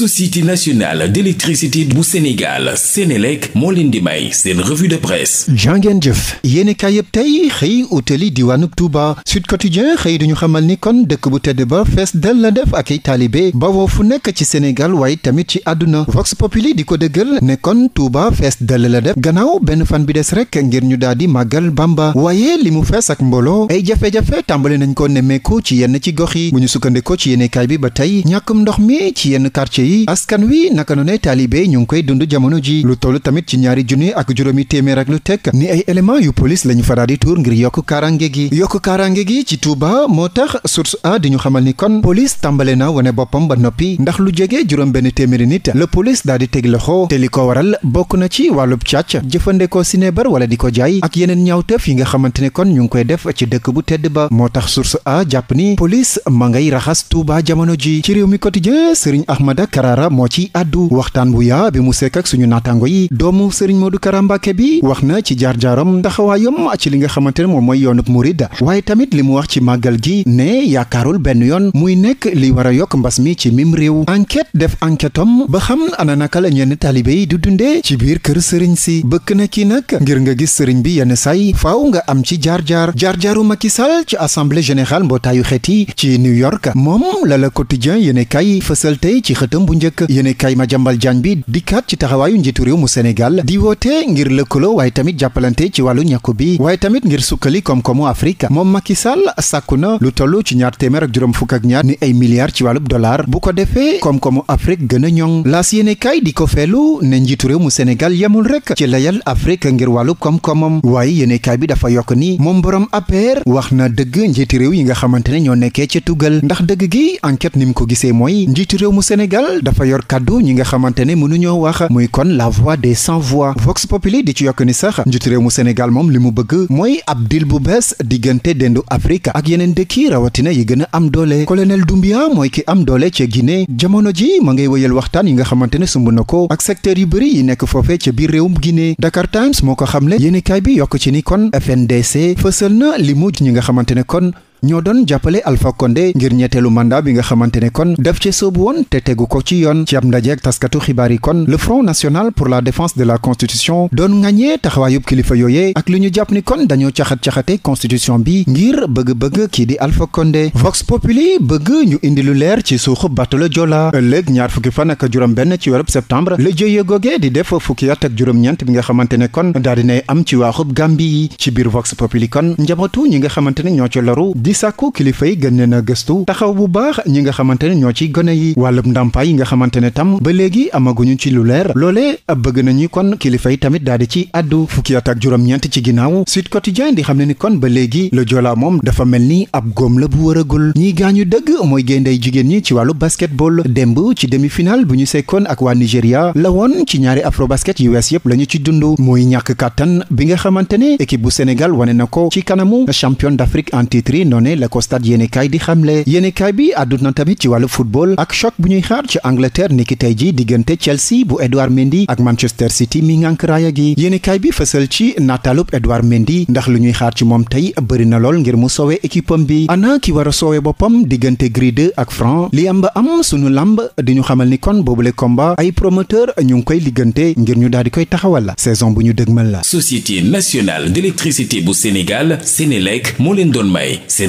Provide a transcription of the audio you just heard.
société nationale d'électricité bu Sénégal Sénélec moo leen di may seen de presse jàngeen jëf yéeni kaay yëpp tey xëy utali diwaanub Touba Sud Quotidien xëy duñu xamal ni kon dëkk bu tedd ba fees del la def ak ay taalibe bawoo fu nekk ci Sénégal waaye tamit ci àdduna Vox Populi di ko dëggal ne kon Touba fees del la def gannaaw benn fan bi des rek ngir ñu daal di màggal Bamba waaye li mu fees ak mbooloo ay jafe-jafe tàmbale nañ ko nemmeeku ci yenn ci gox yi bu ñu sukkandikoo ci yéene bi ba tey ñàkkum ndox mi ci yenn quartier yi askan wi naka noonee taalibe ñu ngi koy dund jamono ji lu toll tamit ci ñaari junni ak juróomi téeméer ak lu teg ni ay élément yu police lañu faral di tuur ngir yokk kaaraange gi yokk kaaraange gi ci Touba moo tax source a di ñu xamal ni kon police tàmbale na wane boppam ba noppi ndax lu jege juróom benn téeméeri nit la police daal di teg loxo te ko waral bokk na ci wàllub càcc jëfandekoo sinébar wala di ko jaay ak yeneen ñaawteef yi nga xamante ne kon ñu ngi koy def ci dëkk bu tedd ba moo tax source a jàpp ni police ma ngay raxas tuuba jamono ji ci réew mi quotidien Serigne Ahmad Karara moo ci àddu waxtaan bu yaa bi mu sekk ak suñu naataango yi doomu Serigne du Kara Mbacké bi wax na ci jaar-jaaram ndaxawaayam ci li nga xamante ne moom mooy yoonub murid waaye tamit li mu wax ci màggal gi ne yaakaarul benn yoon muy nekk li war a yokk mbas mi ci mim réew enquête def enquête am ba xam ana naka la ñenn taalibe yi di dundee ci biir kër sëriñ si bëkk na kii nag ngir nga gis sëriñ bi yenn say faaw nga am ci jaar-jaar jaar-jaaru Macky Sall ci assemblée générale mbootaayu xeet yi ci New York moom la bu njëkk yéene kaay Madiambal Diagne bi dikkaat ci taxawaayu njiitu réew mu Sénégal di woote ngir lëkkaloo waaye tamit jàppalante ci wàllu ñàkku bi waaye tamit ngir sukkali koom-koomu Afrique moom Macky Sall sàkku na lu toll ci ñaar téeméer juróom fukk ak ñaar ni ay milliards ci wàllub dollar bu ko defee koom-koomu afrik gën a ñoŋ laas yéene kaay di ko feelu ne njiitu réew mu Sénégal yemul rek ci layal Afrique ngir wàllu koom-koomam waaye yéene bi dafa yokk ni moom borom APR wax na dëgg njiitu réew yi nga xamante ne ñoo nekkee ca tugal ndax dëgg gi enquête ni mu ko gisee mooy njiitu réew mu Sénégal lool dafa yor kàddu ñi nga xamante ne mënuñoo wax muy kon la voix des sans voix Vox Populi di ci yokk ni sax njiitu réew mu Sénégal moom li mu bëgg mooy ab dil bu bees diggante dendu Afrique ak yeneen dëkk yi rawatina yi gën a am doole colonel Doumbia mooy ki am doole ca Guinée jamono ji ma ngay wëyal waxtaan yi nga xamante ne sumb na ko ak secteur yu bëri yi nekk foofee ca biir réewum Guinée Dakar Times moo ko xamle yéenekaay bi yokk ci ni kon FNDC fësal ñoo doon jàppale Alpha Condé ngir ñetteelu mandat bi nga xamante ne kon def ci soob woon te tegu ko ci yoon ci ab ndajeek taskatu xibaar yi kon le Front national pour la défense de la constitution doon ŋaññee taxawaayub kilifa yooye ak li ñu jàpp ni kon dañoo caxat-caxate constitution bi ngir bëgg-bëgg kii di Alpha konde Vox Populi bëgg ñu indi lu leer ci suuxu bateau Joola ëllëg ñaar fukki fan ak juróom benn ci weerub septembre le jëye goge di def fukki at ak juróom-ñeent bi nga xamante ne kon daal dinay am ci Gàmbi yi ci biir Vox Populi kon njabootu ñi nga xamante ne ñoo ci loru di sàkku kilifa yi gën leen a gëstu taxaw bu baax ñi nga xamante ne ñoo ci gone yi wàllub ndàmpaay yi nga xamante ne tam ba léegi amaguñu ci lu leer loolee bëgg nañu kon kilifa yi tamit daal di ci àddu fukki at ak juróom-ñeent ci ginnaaw Sud Quotidien di xam ne ni kon ba léegi le Joola moom dafa mel ni ab góom la bu wëragul ñiy gaañu dëgg mooy géynday jigéen ñi ci wàllu basketball démb ci demi-finale bu ñu sekkoon ak waa Nigéria la woon ci ñaari afrobasket yu wees yëpp la ñu ci dund mooy ñàkk kàttan bi nga xamante ne équipe bu Sénégal wane na ko ci kanamu champion d'Afrique en titre noonee la ko stade yéenekaay di xamle yéenekaay bi àddut na tamit ci wàllu football ak choc bu ñuy xaar ci Angleterre niki tey ji diggante Chelsea bu Edouard Mendy ak Manchester City mi ngànk raaya gi yéenekaay bi fësal ci nataalub Edouard Mendy ndax lu ñuy xaar ci moom tey bëri na lool ngir mu soowee équipam bi ana ki war a soowee boppam diggante Gris 2 ak Franc li am ba am sunu lamb di ñu xamal ni kon boobule combat ay promoteur ñu ngi koy liggante ngir ñu daal di koy taxawal la saison bu ñu dëgmal la société nationale d'électricité bu Sénégal Sénélec moo leen doon